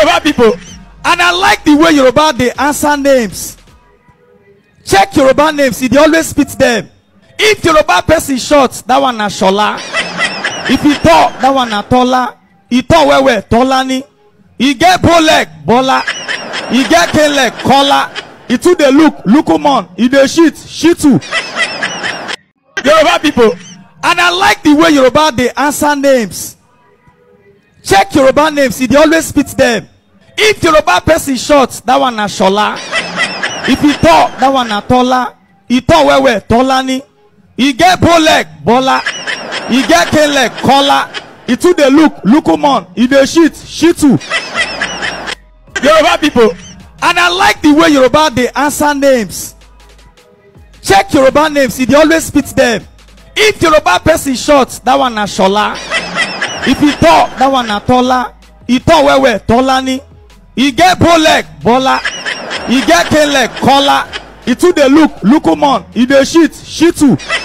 Yoruba people. And I like the way Yoruba they answer names. Check Yoruba names, they always spit them. If Yoruba person short, that one na Shola. if he tall, that one na Tola. He tall where where Tolani. He get bow leg, Bola. He get cane leg, Kola. He too the look, Lukumon. He dey shit, Shitu. Yoruba people. And I like the way Yoruba they answer names check yoruba names he always spit them if yoruba person short that one na shola if he tall that one na tola he tall well well tolani he get bow leg bola he get cane leg kola he too the look lukumon he dey shit shitu yoruba people and i like the way yoruba they answer names check yoruba names he always spit them if yoruba person short that one na shola. If he tall, that one na Tola. He tall, well well, Tola ni. He get bow leg, Bola. He get cane leg, Kola. He too dey look, Lukumon. He dey shit, Shitu.